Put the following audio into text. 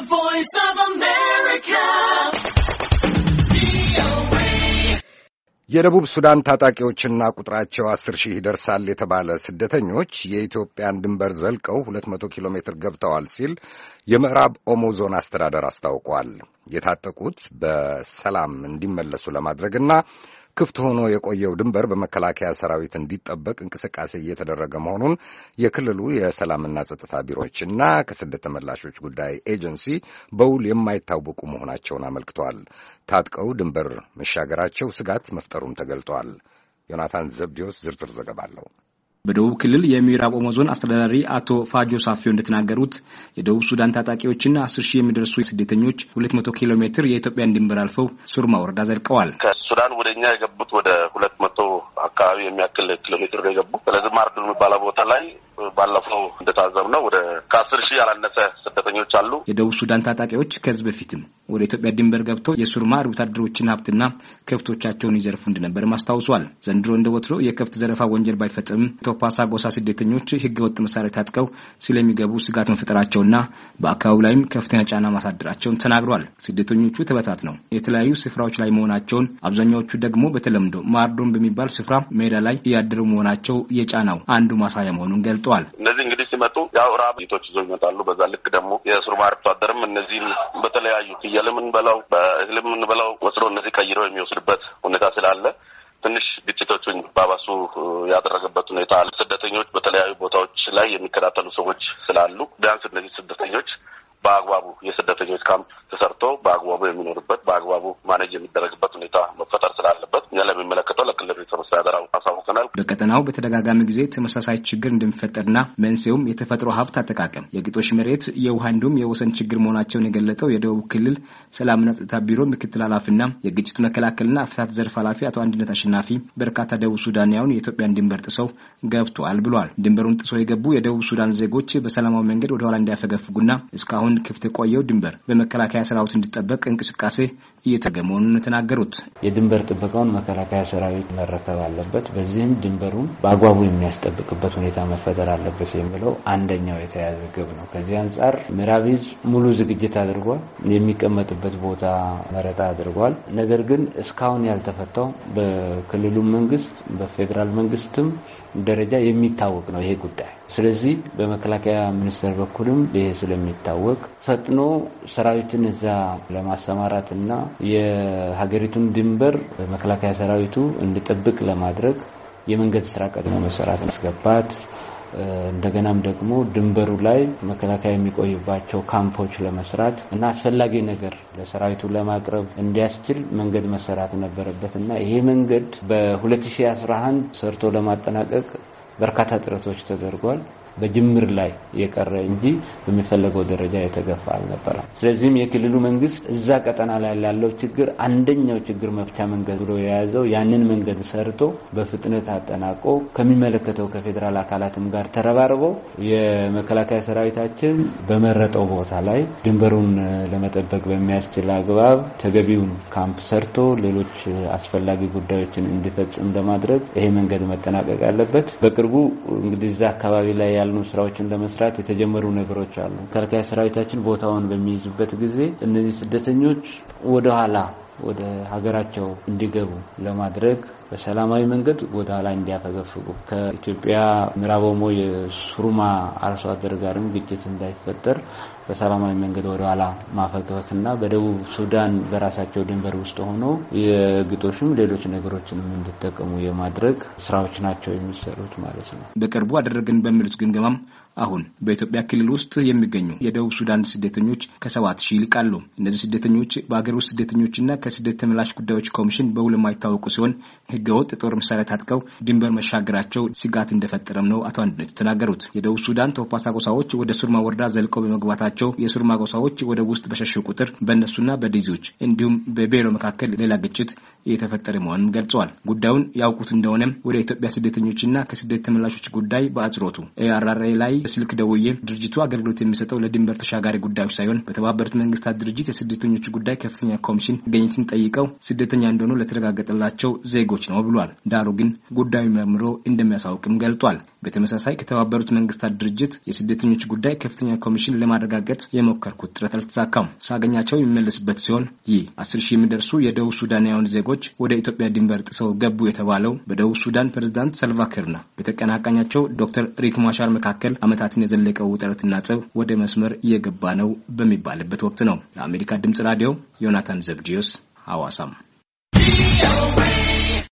Voice of America. የደቡብ ሱዳን ታጣቂዎችና ቁጥራቸው አስር ሺህ ይደርሳል የተባለ ስደተኞች የኢትዮጵያን ድንበር ዘልቀው ሁለት መቶ ኪሎ ሜትር ገብተዋል ሲል የምዕራብ ኦሞ ዞን አስተዳደር አስታውቋል። የታጠቁት በሰላም እንዲመለሱ ለማድረግና ክፍት ሆኖ የቆየው ድንበር በመከላከያ ሰራዊት እንዲጠበቅ እንቅስቃሴ እየተደረገ መሆኑን የክልሉ የሰላምና ጸጥታ ቢሮዎችና ከስደት ተመላሾች ጉዳይ ኤጀንሲ በውል የማይታወቁ መሆናቸውን አመልክተዋል። ታጥቀው ድንበር መሻገራቸው ስጋት መፍጠሩም ተገልጧል። ዮናታን ዘብዲዮስ ዝርዝር ዘገባ አለው። በደቡብ ክልል የምዕራብ ኦሞ ዞን አስተዳዳሪ አቶ ፋጆ ሳፊዮ እንደተናገሩት የደቡብ ሱዳን ታጣቂዎችና አስር ሺህ የሚደርሱ ስደተኞች ሁለት መቶ ኪሎ ሜትር የኢትዮጵያን ድንበር አልፈው ሱርማ ወረዳ ዘልቀዋል። ከሱዳን ወደ እኛ የገቡት ወደ ሁለት መቶ አካባቢ የሚያክል ኪሎ ሜትር ነው የገቡ። ስለዚህ ማርዱ የሚባለው ቦታ ላይ ባለፈው እንደታዘብ ነው ወደ ከአስር ሺህ ያላነሰ ስደተኞች አሉ። የደቡብ ሱዳን ታጣቂዎች ከዚህ በፊትም ወደ ኢትዮጵያ ድንበር ገብተው የሱርማ አርብቶ አደሮችን ሀብትና ከብቶቻቸውን ይዘርፉ እንደነበር አስታውሷል። ዘንድሮ እንደ ወትሮ የከብት ዘረፋ ወንጀል ባይፈጽምም ቶፓሳ ጎሳ ስደተኞች ህገወጥ መሳሪያ ታጥቀው ስለሚገቡ ስጋት መፈጠራቸውና በአካባቢው ላይም ከፍተኛ ጫና ማሳደራቸውን ተናግሯል። ስደተኞቹ ተበታት ነው የተለያዩ ስፍራዎች ላይ መሆናቸውን፣ አብዛኛዎቹ ደግሞ በተለምዶ ማርዶን በሚባል ስፍራ ሜዳ ላይ እያደሩ መሆናቸው የጫናው አንዱ ማሳያ መሆኑን ገልጠዋል። እነዚህ እንግዲህ ሲመጡ ያው ራብ ቶች ይዞ ይመጣሉ። በዛ ልክ ደግሞ የሱርማ አርብቶ አደርም እነዚህም በተለያዩ ፍየል የምንበላው በእህል የምንበላው ወስዶ እነዚህ ቀይረው የሚወስድበት ሁኔታ ስላለ ትንሽ ግጭቶቹን ባባሱ ያደረገበት ሁኔታ አለ። ስደተኞች በተለያዩ በቀጠናው በተደጋጋሚ ጊዜ ተመሳሳይ ችግር እንደሚፈጠርና መንስኤውም የተፈጥሮ ሀብት አጠቃቀም፣ የግጦሽ መሬት፣ የውሃ እንዲሁም የወሰን ችግር መሆናቸውን የገለጠው የደቡብ ክልል ሰላምና ጸጥታ ቢሮ ምክትል ኃላፊና የግጭት መከላከልና አፍታት ዘርፍ ኃላፊ አቶ አንድነት አሸናፊ በርካታ ደቡብ ሱዳናውያን የኢትዮጵያን ድንበር ጥሰው ገብተዋል ብሏል። ድንበሩን ጥሰው የገቡ የደቡብ ሱዳን ዜጎች በሰላማዊ መንገድ ወደኋላ እንዳያፈገፍጉና እስካሁን ክፍት የቆየው ድንበር በመከላከያ ሰራዊት እንዲጠበቅ እንቅስቃሴ እየተገ መሆኑን የተናገሩት የድንበር ጥበቃውን መከላከያ ሰራዊት መረከብ አለበት። በዚህም ድንበሩን በአግባቡ የሚያስጠብቅበት ሁኔታ መፈጠር አለበት የሚለው አንደኛው የተያዘ ግብ ነው። ከዚህ አንጻር ምዕራብ ዕዝ ሙሉ ዝግጅት አድርጓል። የሚቀመጥበት ቦታ መረጣ አድርጓል። ነገር ግን እስካሁን ያልተፈታው በክልሉ መንግስት በፌዴራል መንግስትም ደረጃ የሚታወቅ ነው ይሄ ጉዳይ። ስለዚህ በመከላከያ ሚኒስቴር በኩልም ይሄ ስለሚታወቅ ፈጥኖ ሰራዊትን እዛ ለማሰማራት እና የሀገሪቱን ድንበር መከላከያ ሰራዊቱ እንዲጠብቅ ለማድረግ የመንገድ ስራ ቀድሞ መሰራት ማስገባት እንደገናም ደግሞ ድንበሩ ላይ መከላከያ የሚቆይባቸው ካምፖች ለመስራት እና አስፈላጊ ነገር ለሰራዊቱ ለማቅረብ እንዲያስችል መንገድ መሰራት ነበረበት እና ይሄ መንገድ በ2011 ሰርቶ ለማጠናቀቅ በርካታ ጥረቶች ተደርጓል። በጅምር ላይ የቀረ እንጂ በሚፈለገው ደረጃ የተገፋ አልነበረም። ስለዚህም የክልሉ መንግስት እዛ ቀጠና ላይ ላለው ችግር አንደኛው ችግር መፍቻ መንገድ ብሎ የያዘው ያንን መንገድ ሰርቶ በፍጥነት አጠናቆ ከሚመለከተው ከፌዴራል አካላትም ጋር ተረባርቦ የመከላከያ ሰራዊታችን በመረጠው ቦታ ላይ ድንበሩን ለመጠበቅ በሚያስችል አግባብ ተገቢውን ካምፕ ሰርቶ ሌሎች አስፈላጊ ጉዳዮችን እንዲፈጽም ለማድረግ ይሄ መንገድ መጠናቀቅ ያለበት በቅርቡ የሚያስፈልጉ እንግዲህ እዛ አካባቢ ላይ ያሉ ስራዎችን ለመስራት የተጀመሩ ነገሮች አሉ። መከላከያ ሰራዊታችን ቦታውን በሚይዙበት ጊዜ እነዚህ ስደተኞች ወደኋላ ወደ ሀገራቸው እንዲገቡ ለማድረግ በሰላማዊ መንገድ ወደ ኋላ እንዲያፈገፍጉ ከኢትዮጵያ ምዕራብ ኦሞ የሱሩማ አርሶ አደር ጋርም ግጭት እንዳይፈጠር በሰላማዊ መንገድ ወደ ኋላ ማፈገፍ ማፈግፈግና በደቡብ ሱዳን በራሳቸው ድንበር ውስጥ ሆኖ የግጦሽም ሌሎች ነገሮችንም እንዲጠቀሙ የማድረግ ስራዎች ናቸው የሚሰሩት ማለት ነው። በቅርቡ አደረግን በሚሉት ግምገማም አሁን በኢትዮጵያ ክልል ውስጥ የሚገኙ የደቡብ ሱዳን ስደተኞች ከሰባት ሺህ ይልቃሉ። እነዚህ ስደተኞች በአገር ውስጥ ስደተኞችና ከስደት ተመላሽ ጉዳዮች ኮሚሽን በውል የማይታወቁ ሲሆን ህገወጥ ጦር መሳሪያ ታጥቀው ድንበር መሻገራቸው ስጋት እንደፈጠረም ነው አቶ አንድነት ተናገሩት። የደቡብ ሱዳን ቶፓሳ ጎሳዎች ወደ ሱርማ ወረዳ ዘልቀው በመግባታቸው የሱርማ ጎሳዎች ወደ ውስጥ በሸሹ ቁጥር በእነሱና በዲዚዎች እንዲሁም በቤሮ መካከል ሌላ ግጭት የተፈጠረ መሆኑን ገልጸዋል። ጉዳዩን ያውቁት እንደሆነ ወደ ኢትዮጵያ ስደተኞችና ከስደት ተመላሾች ጉዳይ በአጽሮቱ ኤአርአርኤ ላይ ስልክ ደውዬ ድርጅቱ አገልግሎት የሚሰጠው ለድንበር ተሻጋሪ ጉዳዮች ሳይሆን በተባበሩት መንግስታት ድርጅት የስደተኞች ጉዳይ ከፍተኛ ኮሚሽን ገኝትን ጠይቀው ስደተኛ እንደሆኑ ለተረጋገጠላቸው ዜጎች ነው ብሏል። ዳሩ ግን ጉዳዩ መርምሮ እንደሚያሳውቅም ገልጧል። በተመሳሳይ ከተባበሩት መንግስታት ድርጅት የስደተኞች ጉዳይ ከፍተኛ ኮሚሽን ለማረጋገጥ የሞከርኩት ጥረት አልተሳካም። ሳገኛቸው የሚመለስበት ሲሆን ይህ አስር ሺህ የሚደርሱ የደቡብ ሱዳናውያን ዜጎች ዜጎች ወደ ኢትዮጵያ ድንበር ጥሰው ገቡ የተባለው በደቡብ ሱዳን ፕሬዝዳንት ነው። በተቀናቃኛቸው ዶክተር ሪክ ማሻር መካከል ዓመታትን የዘለቀው ውጥረትና ጸብ ወደ መስመር እየገባ ነው በሚባልበት ወቅት ነው። ለአሜሪካ ድምጽ ራዲዮ ዮናታን ዘብዲዮስ ሐዋሳም